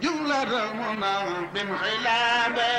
you let i woman be my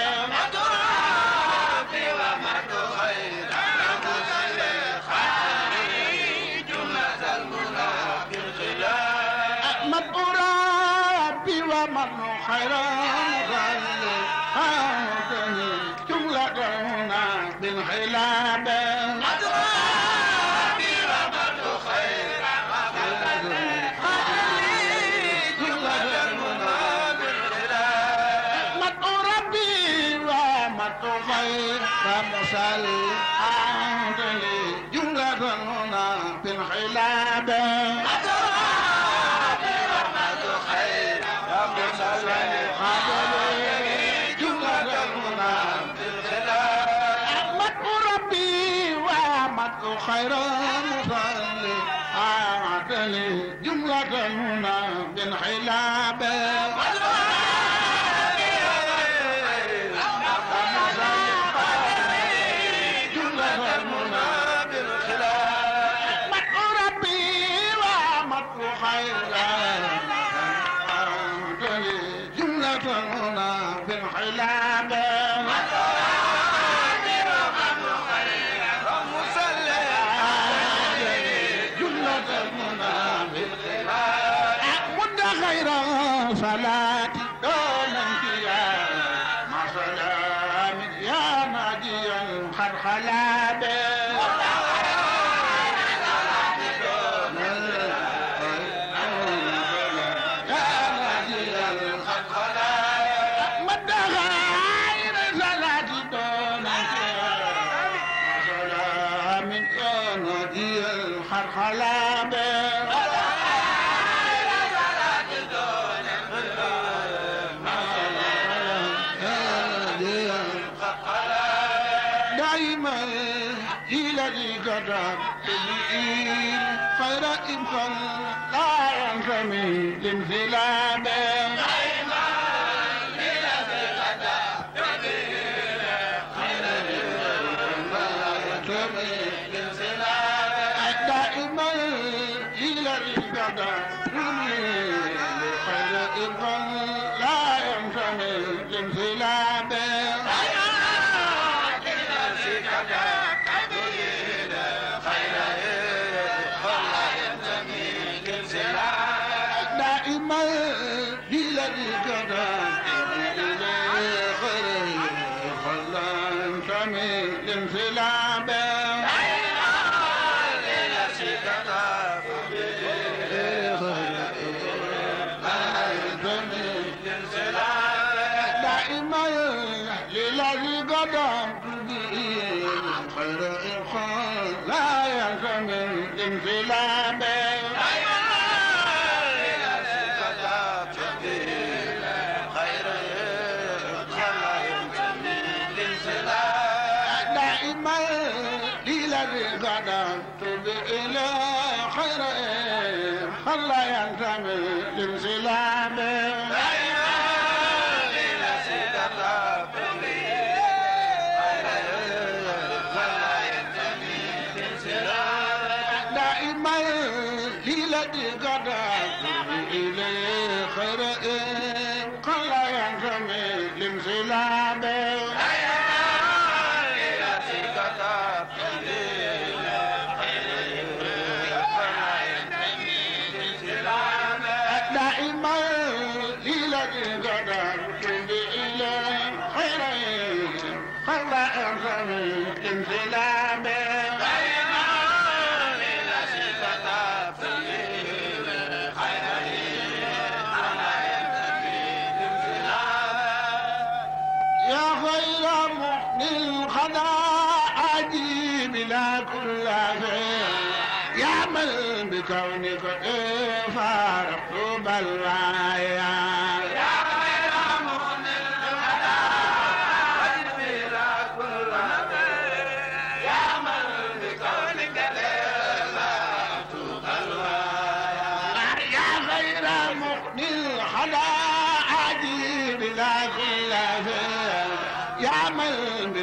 bet. Angela.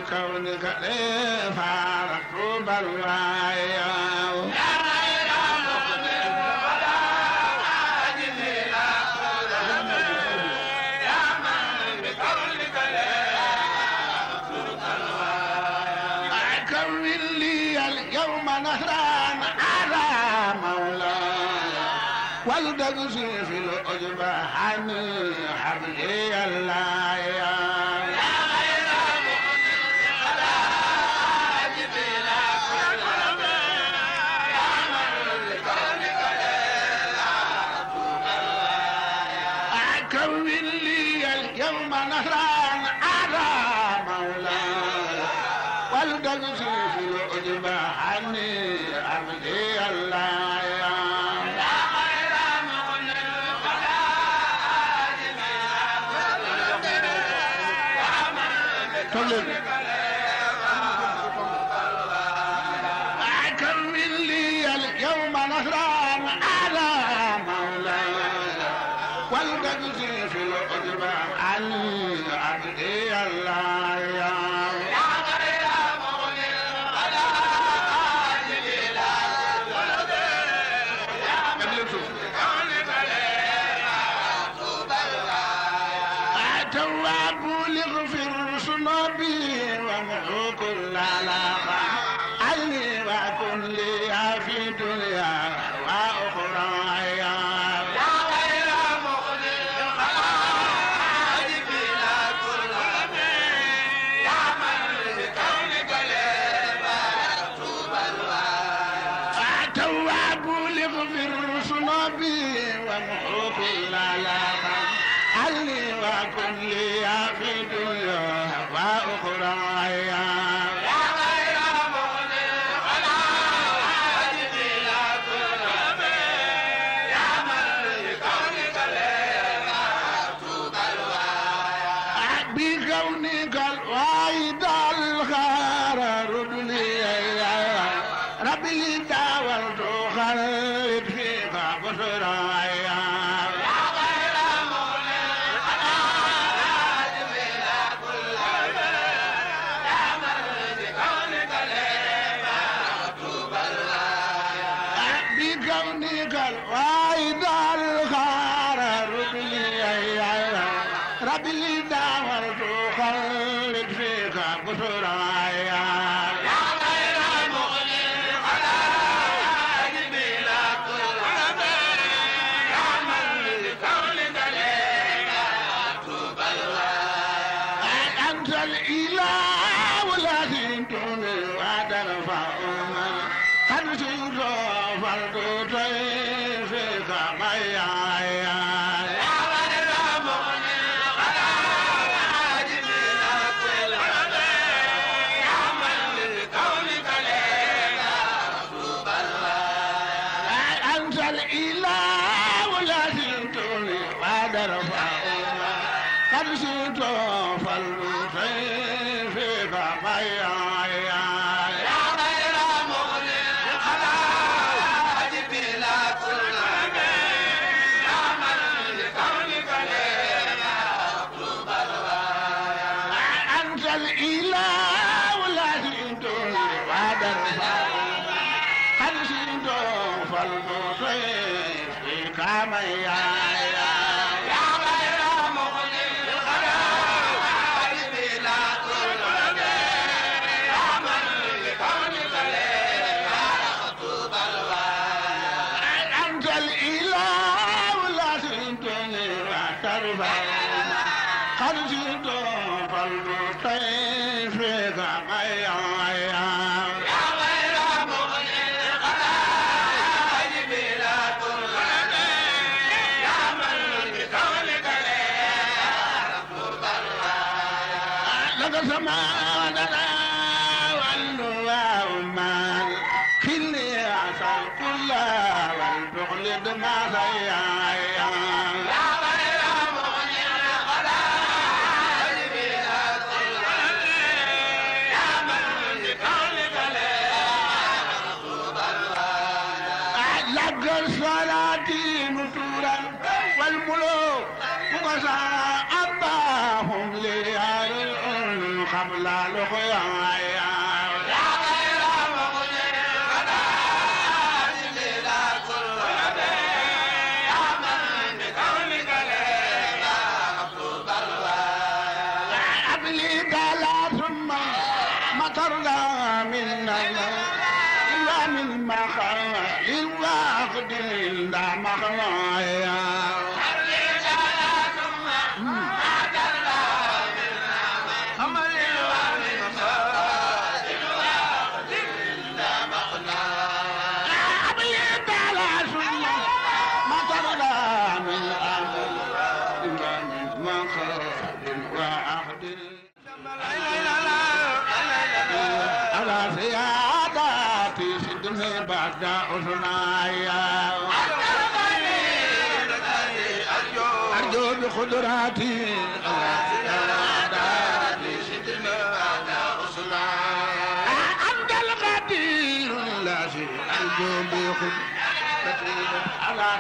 Come kaunika lepa lakubaruaya.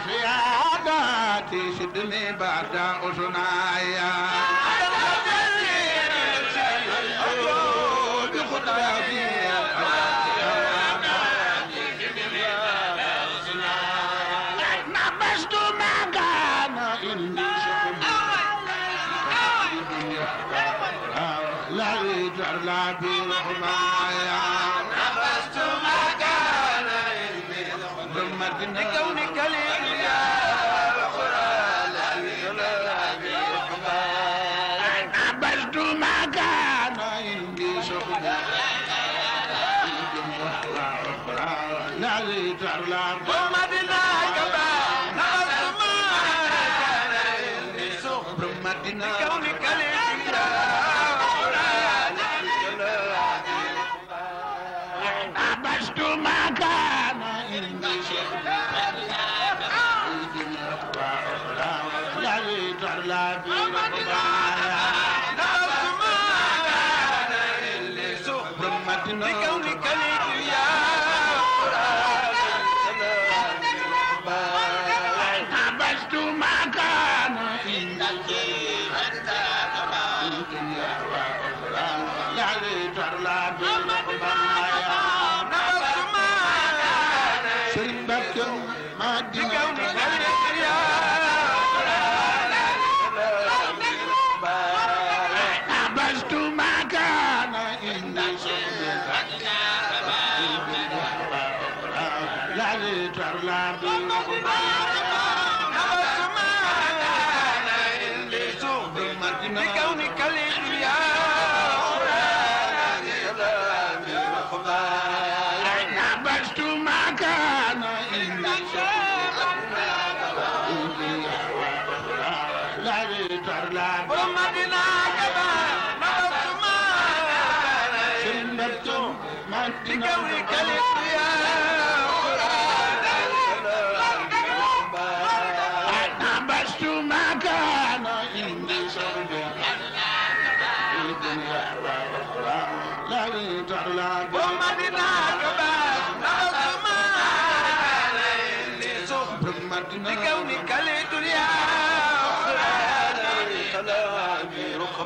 ya da ti shidu ne ba da osunaya. in the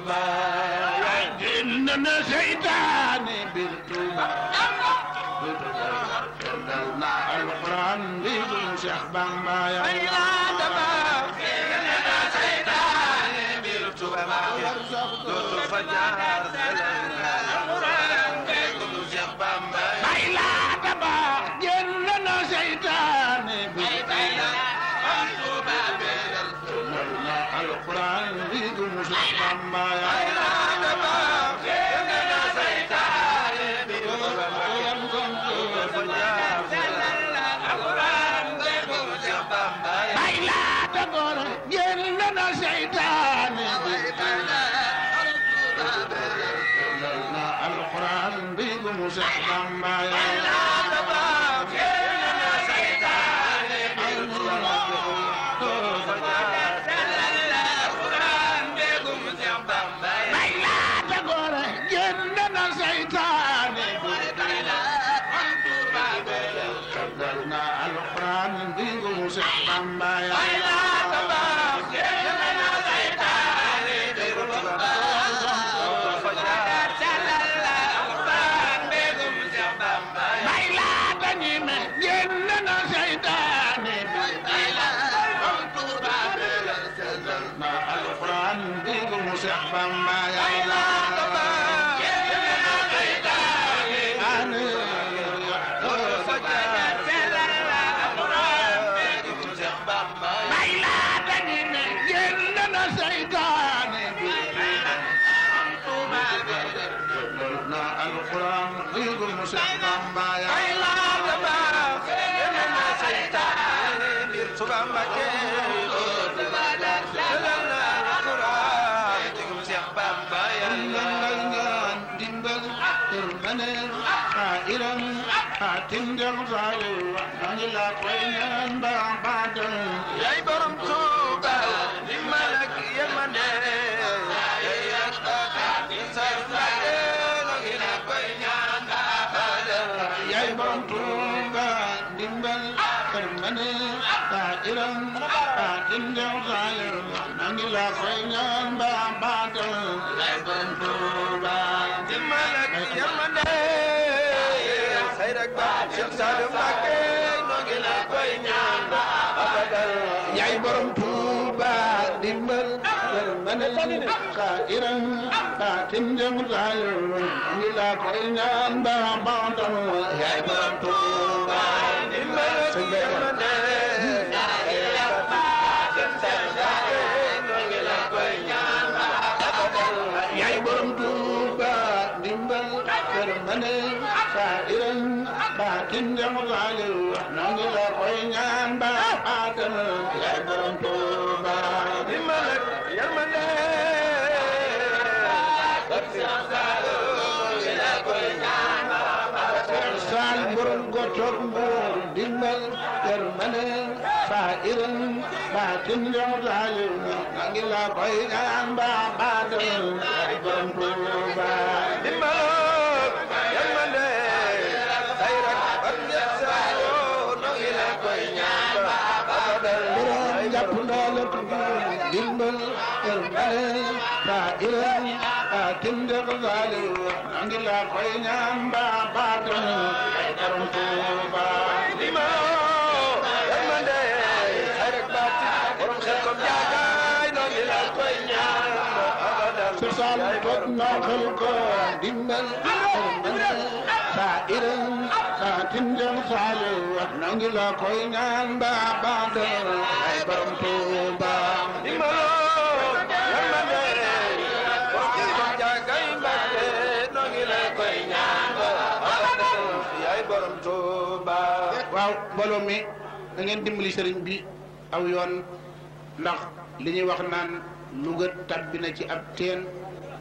بالطبع إننا شيطاني بالطبع بالطبع القرآن بيقول شيخ بامبا يا الله Purushottamaya Krishna سائرا لكن جمع الغير إلى كل أنبا بعضا يا إمام I'm badal ay bantul ba dimbal yamande I'm ak yassaro no ila koy ñaan خلقا دمبل mi da ngeen dimbali bi aw yoon ndax li ñuy wax naan lu tabbi na ci ab teen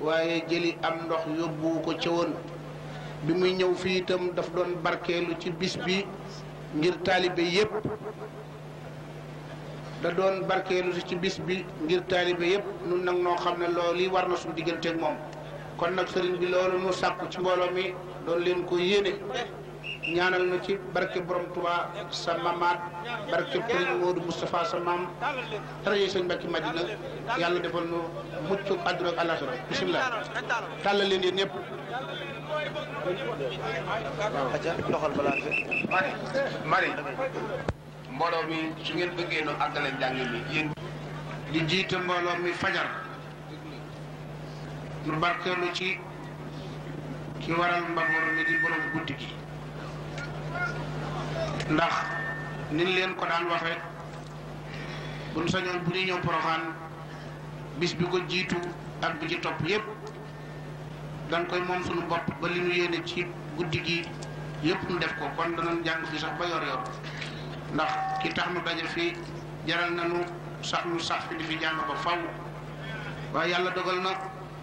waaye jëli am ndox yóbbu ko ca woon bi muy ñëw fii itam daf doon barkeelu ci bis bi ngir taalibe yépp da doon barkeelu ci bis bi ngir taalibe yépp nun nag noo xam ne loolu li war na su digganteeg moom kon nag sëriñ bi loolu nu sàkku ci mbooloo mi doon leen ko yéene ñaanal na ci barke borom Touba sa mamaat barke Sëriñ Modou Moustapha sa maam taraje sëñ Mbacke Madina yàlla defal nu mucc àdduna ak àllaaxira bisimilah tàllal leen yéen waaw acca doxal balaa mari mari mbooloo mi su ngeen bëggee nu àggale njàng mi di jiite mbooloo mi fajar ñu barkeelu ci ci waral mbamoor mi di borom guddi gi ndax nin leen ko daan waxe ñu sañoon bu ñu ñëw poroxaan bis bi ko jiitu ak bu ci topp yépp dan koy moom suñu bopp ba li ñu yéene ci guddi gi yépp ñu def ko kon danañ jàng fi sax ba yor yor ndax ki tax nu daje fi jaral nañu sax nu sax fi di fi jàng ba faw ba yàlla dogal na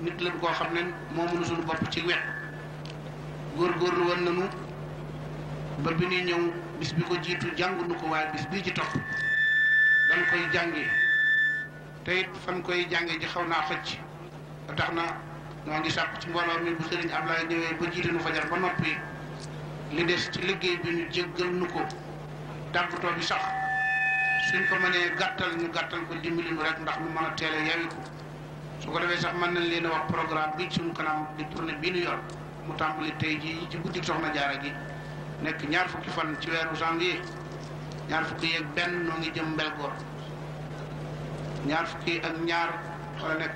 nit lañ koo xam ne moo suñu bopp ci wet góor góorlu woon nañu ba bi ñuy ñëw bis bi ko jiitu jànguñu ko waaye bis bii ci topp dañ koy jàngi te fan koy jànge ji xaw naa xëcc ba tax na ñoo ngi sàkk ci mbooloo mi bu sëriñ Ablaye ñëwee ba jiite nu fajar ba noppi li des ci liggéey bi ñu jéggal nu ko tàggatoo bi sax suñ ko mënee gàttal ñu gàttal ko dimbali nu rek ndax nu mën a teel a yawiku su ko defee sax mën nañ leen a wax programme bi suñu kanam di tournée bi nu yor mu tàmbali tey jii ci guddi soxna jaara gi nekk ñaar fukki fan ci weeru janvier ñaar fukki yeeg benn noo ngi jëm Belgoor ñaar fukki ak ñaar wala nekk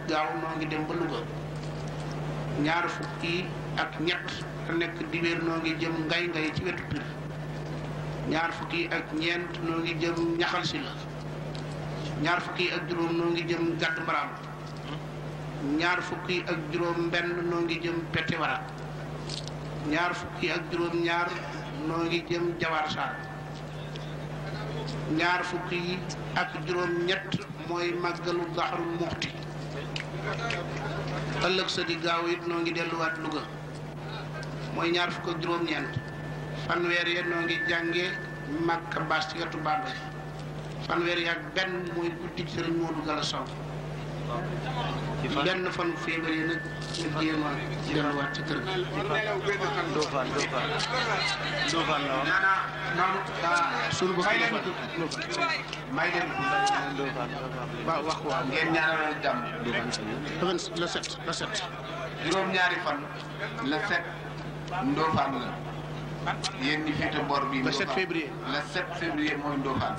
ngi dem ba Louga ñaar fukki ak ñett noo ngi jëm ngay ngay ci wetu Pire ñaar fukki ak ñeent noo ngi jëm ñaxal si ñaar fukki ak juróom noo ngi jëm gàdd mbaraam ñaar fukki ak juróom benn noo ngi jëm pete ñaar fukki ak juróom ñaar noo ngi jëm jawaar saar ñaar fukk yi ak juróom ñett mooy màggalu daxarul muxti ëllëg sa di gaaw it noo ngi delluwaat Louga mooy ñaar fukk ak juróom ñeent fanweer ya noo ngi jànge màkka baas ci wetu fanweer ya guddi sëriñ Moodu Gala Sow benn fan février nag ñu jéem a delluwaat ci kër gi. Dóofaan Dóofaan Dóofaan la woon. suñu bopp Dóofaan. may dem. Dóofaan waaw wax waaw ngeen ñaanal jàmm. Dóofaan la set la set. juróom-ñaari fan la set Ndóofaan la yéen ñi féete bor bi. le 7 février le 7 février mooy Ndóofaan.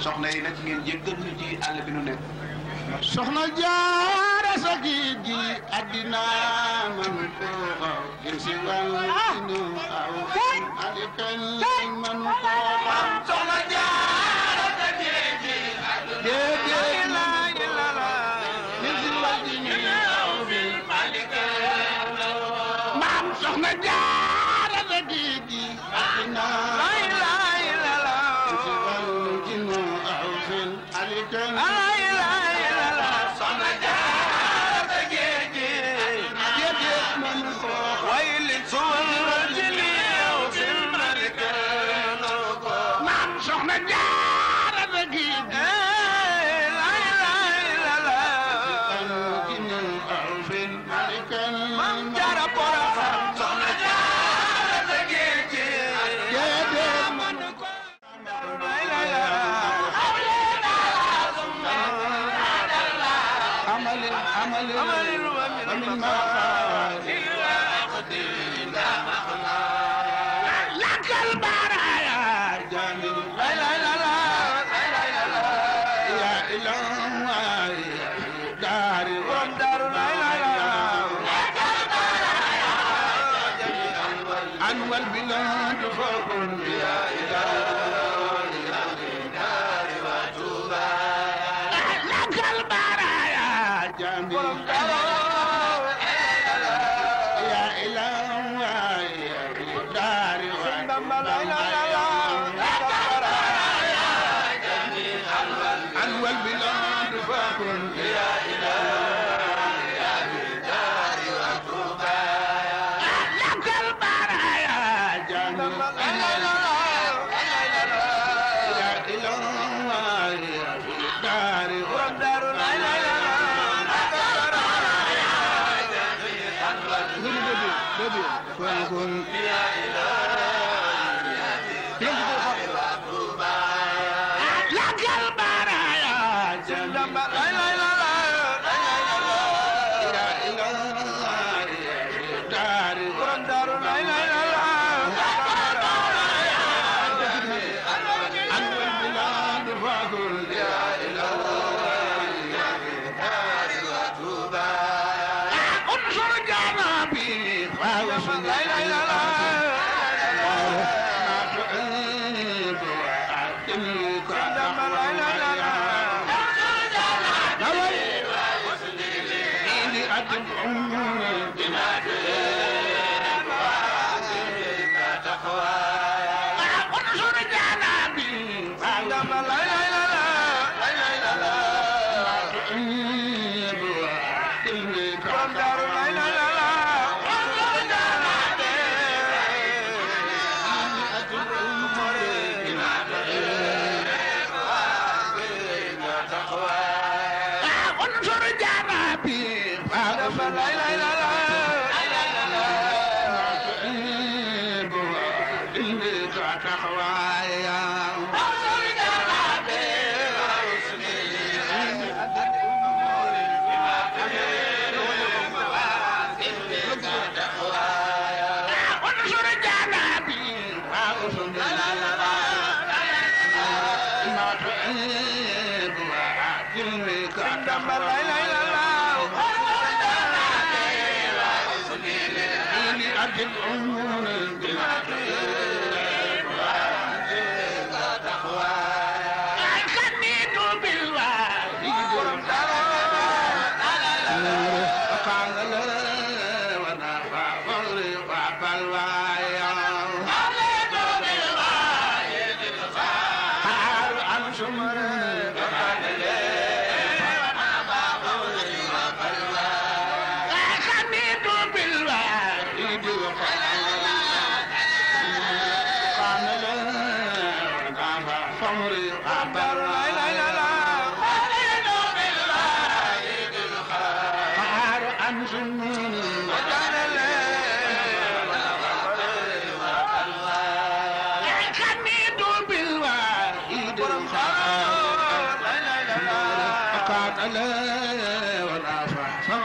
soxna yi nag ngeen jéggal ñu ci àll bi nu nekk. soxna jaara sa giit gi addina man ko aw insi wan inu aw alikan man ko aw soxna jaara والبلاد فخر يا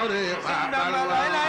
来来来！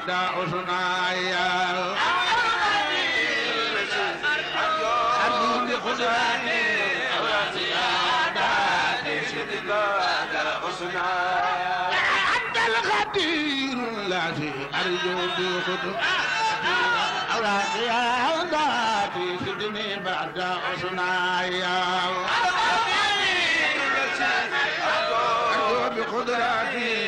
حتى أصنعي أرجو بخزاني وزيادة شدة أصنعي أنت الخطير الذي أرجو بخزاني يا أولادي سجني بعد أصنعي أرجو بقدرتي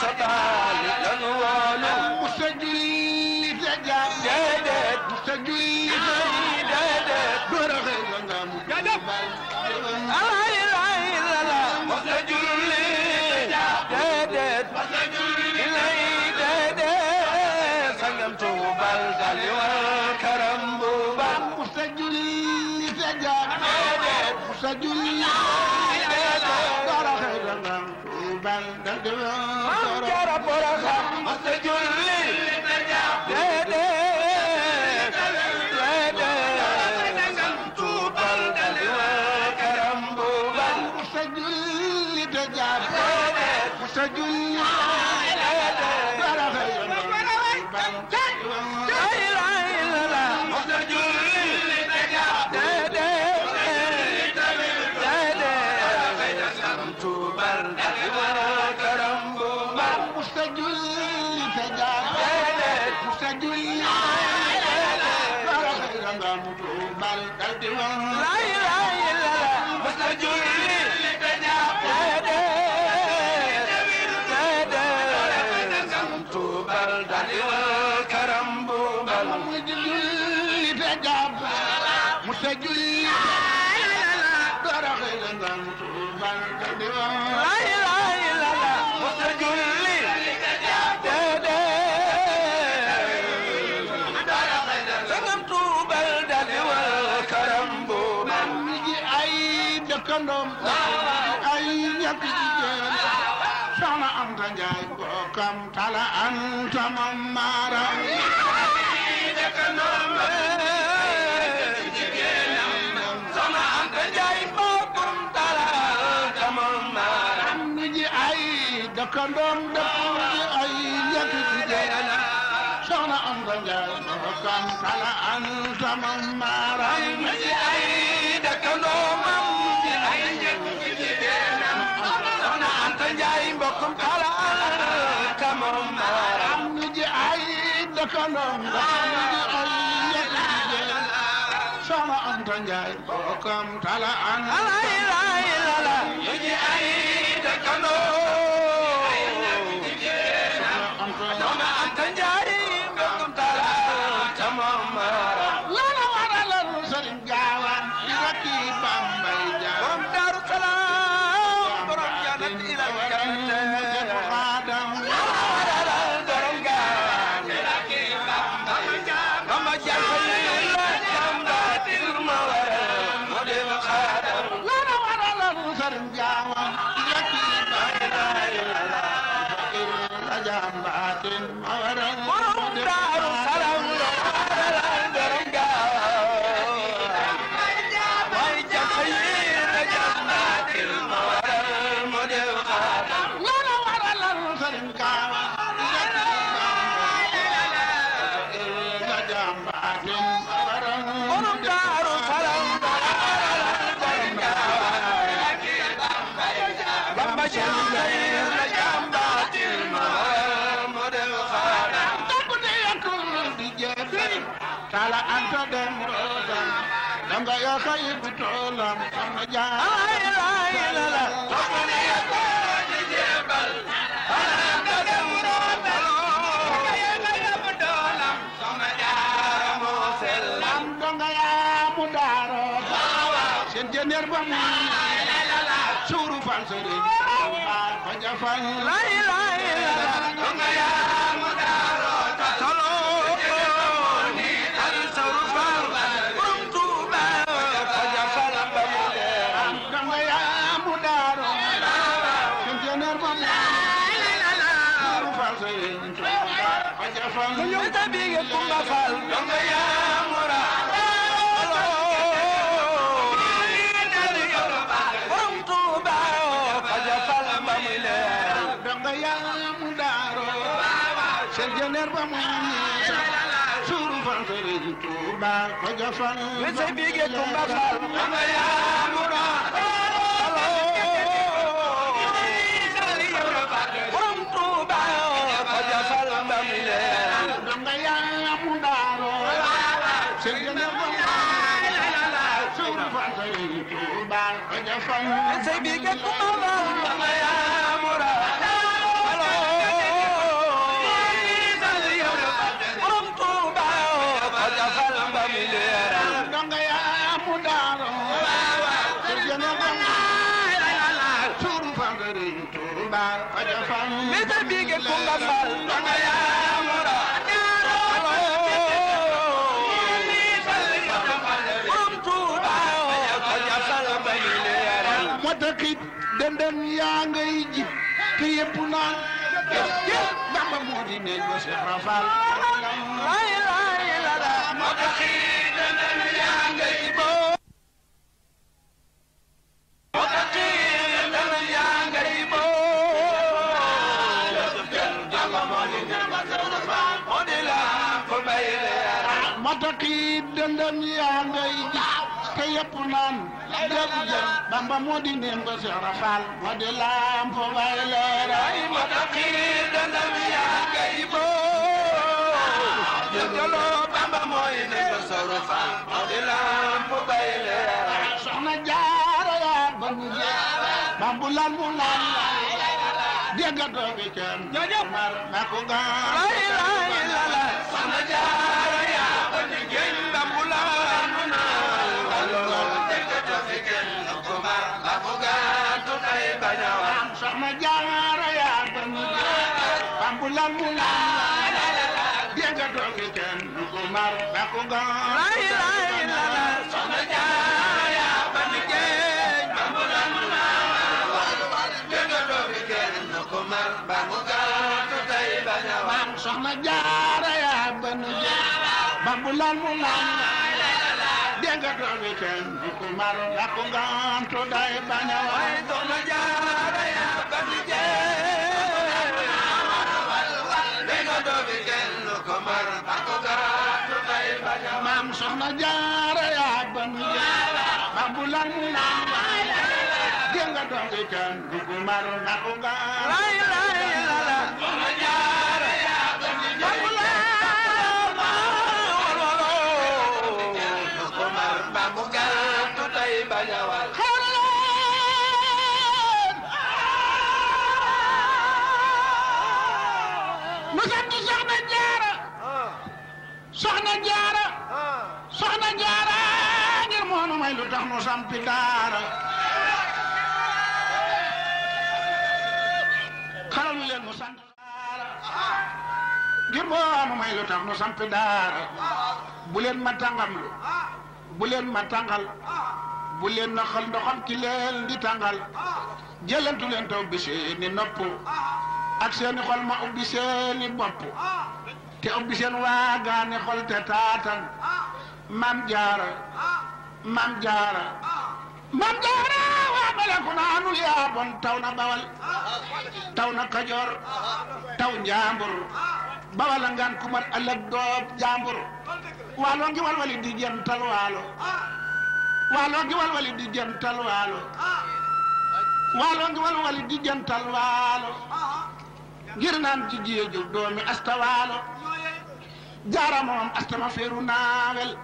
سطحان الأنوال مستقلي زادت مستقلي زادت برغينا مجدد أهل العيلة مستقلي زادت مستقلي زادت سلمت بالدل والكرم بوبا مستقلي زادت مستقلي kandom ay ñak jigéen soxna Anta Njaay bokkam dëkkandoom dëkku ci ay yëg ci jël soxna am da njaay dafa kan kala an sama maaram mu ci ay dëkkandoom am ci ay yëg ci jël soxna am da njaay mbokkum kala an sama maaram mu ci ay dëkkandoom am ci ay yëg ci jël soxna am da njaay mbokkum kala an sama maaram mu ci ay dëkkandoom Lay lay lay lay. ta bige Kumba Faal donga yaa mura borom Tuuba faja fal ba muy leer donga yaa mu daaro seen jëneer ba muy suuru fal sëriñ Tuuba faja fal ba muy leer donga yaa mura Mr. Big Kunga Bal, Dongaya. lëndëm yaa ngay ji te yëpp naan yëpp yëpp Bamba moo di ne ko Cheikh Rafal lay lay la la moo taxi lëndëm yaa ngay boo moo taxi lëndëm yaa ngay boo Bamba moo di ne ko Cheikh Rafal moo di la ko bay leer moo taxi lëndëm yaa ngay ji te yëpp naan ay bamba moo di neem ko moo di laam fo ay moo tax dandam yaa kay boo jëloo bamba mooy neem ko Seex moo di laam fo bay leer soxna jaara yaa bon mu jeex mu lan déggatoo bi kenn ñoo ñëpp na soxna jaara yaa ba mu jël bambu lambu lambu dégg doomi kenn du ko mar ba ko gën soxna jaara yaa ba nu jël bambu lambu lambu jagore ken kumar na kungan to banya wai to na jara ya bandije kumar na kungan to dai banya mam sohna jara ya bandije mambulan na jenga dong kumar na soxna jaara soxna jaara ngir moonu may lu tax sampi dara xalal lu len mu sant daara ngir moonu may lu tax nu sampi dara bu len ma tàngam lu bu len ma tangal bu leen naxal ndoxam ki leen di tangal jëlantu len taw bi ni nopp ak seeni xol ma ubbi seeni bopp teew bi seen waagaane xol te taatan mam jaara mam jaara mam jaara waa bale ku naanu yaa taw na bawal taw na kajoor taw njaambur bawal a ngaan ku doob njaambur waalo ngi walwali di jental waalo waalo ngi walwali di jental waalo waalo ngir naan ci doomi asta waalo jaara moom astama feeru naawel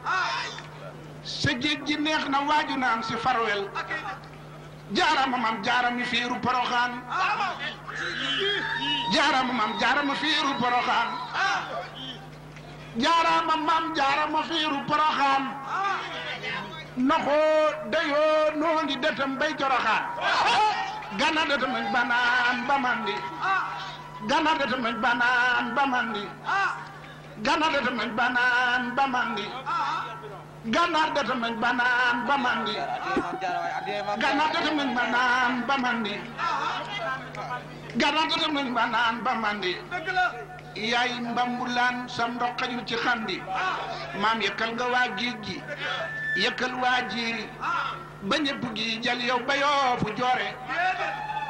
sa géej neex na waaju naan si farwel jaara mam jaara mi feeru poroxaan jaara mam jaara ma feeru poroxaan jaara ma mam jaara ma feeru poroxaan noxoo dayoo noo ngi detam bay joroxaan gana detamañ banaan ba mandi gana banaan ba mandi gànnaar data mañ banaan ba mandi gànnaar banaan ba mandi gànnaar banaan ba mandi gànnaar banaan ba yaay mbambulaan sam ndox xajul ci xandi maam yëkkal nga waa géej gi yëkkal waa jiiri ba ñëpp gi jël yow ba fu joore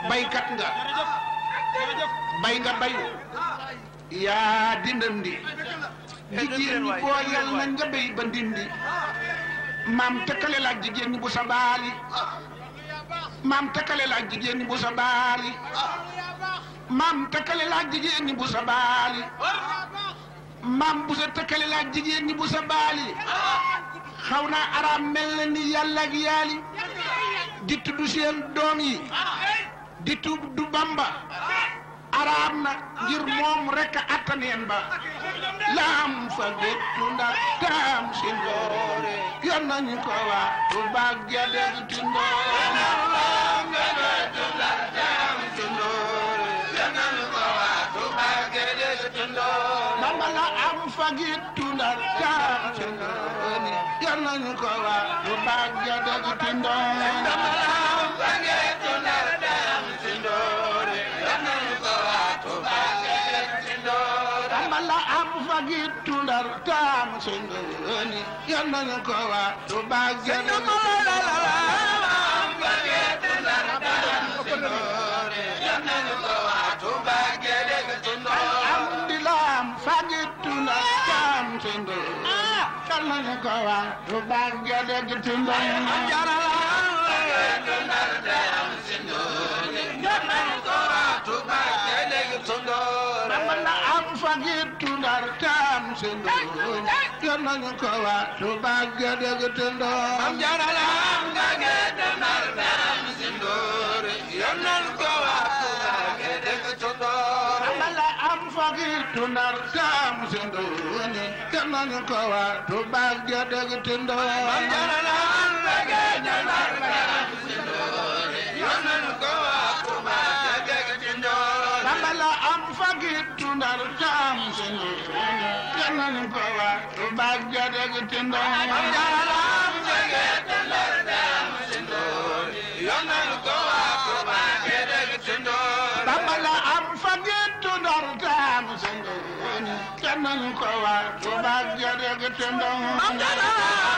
baykat nga bay nga bayu yaa di jigéen ñi boo yal na nga béy ba dindi maam tëkkale laak jigéen ñi bu sa baali maam tëkkale laak jigéen ñi bu sa baali maam tëkkale laak jigéen ñi bu sa baali maam bu sa tëkkale laak jigéen ñi bu sa baali xaw naa araam mel na ni yàlla ak yaali di tudd seen doom yi di tudd du bamba araam na ngir moom rek a attaneen ba laam fa géttu ndar taam si ndoore yon nañu ko waa bu baag ja deg ti ndoore la am fa géttu ndar taam si ndoore yon nañu ko waa bu baag ja deg ti ndoore sundu lónìí yọ̀nà ní tó Kọ́wa mañu ko wa Touba gedeg tëndoor am jaralam nga gede mar beram sindoor yal nañu ko wa Touba gedeg tëndoor ambala am fogir tunar tam sindooni yal nañu ko wa Touba gedeg tëndoor am jaralam nga gede mar beram sindoor yal nañu ko wa Touba gedeg tëndoor ambala am fogir tunar tam sindooni nan ko wa bagade ko tindo jalam jege tendor dam tindo yon nan ko wa bagade ko tindo babala am faget tendor dam tindo nan ko wa bagade ko tindo jalam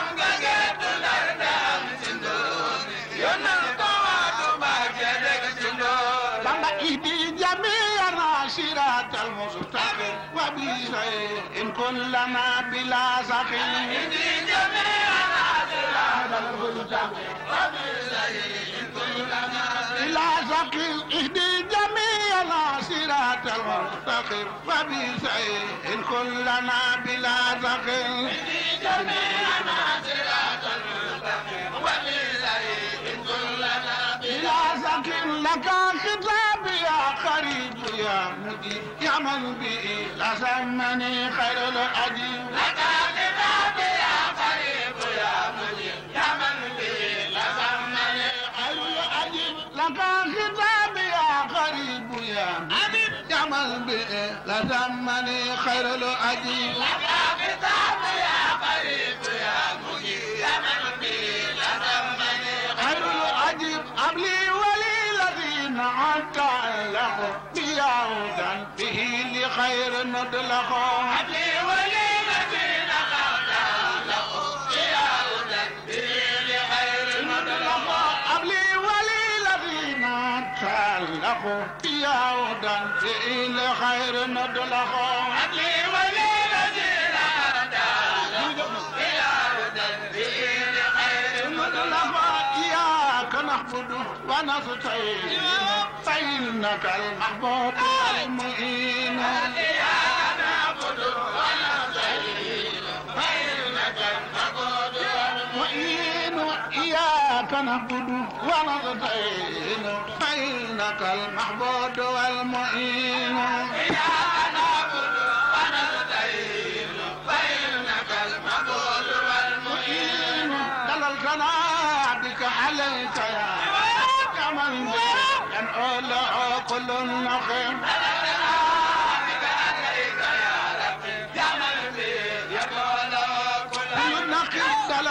سقيم إلى سقيم اهدي جميعنا صراط المستقيم فبسعيد كلنا بلا سقيم اهدي جميعنا صراط المستقيم وبسعيد كلنا بلا سقيم لك خطاب يا قريب يا مجيب يا من به لسمني خير الأجيب لك تزمني خير الأديب لك بطاب يا قريب يا مجيب يا خير الأديب به لخير ندلخ ونستعين فإنك المحبوب المعين إياك نعبد ونستعين فإنك المحبوب المعين إياك نعبد ونستعين فإنك المحبوب المعين العظيم الجماع بجعلك يا أخي تعمل بيتي نقول له كل من أخي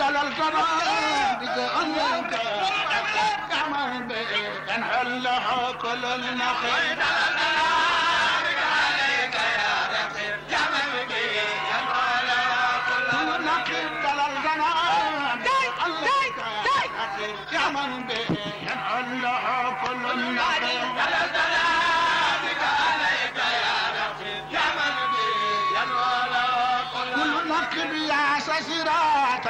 على الجراد بأنك أعمل بأن حله كل النخيل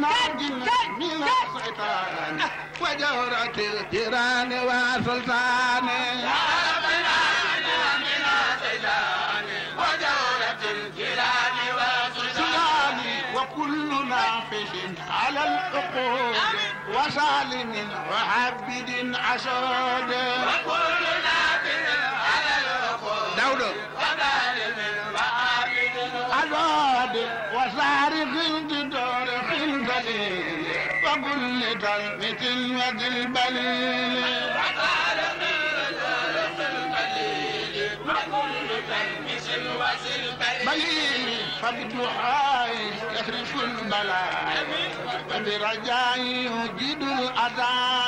ناجل من الشيطان وجورة الجيران والسلطان وكل نافذ على العقول وسالم وعبد عشود وكل نافذ على العقول داود وسالم وعبد عشود البلي فقل لجنبة الواد البليل بليل فبدعائي يخرف البلاء وبرجائي يجيد الأذان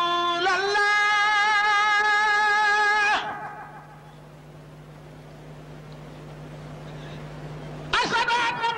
Bye-bye!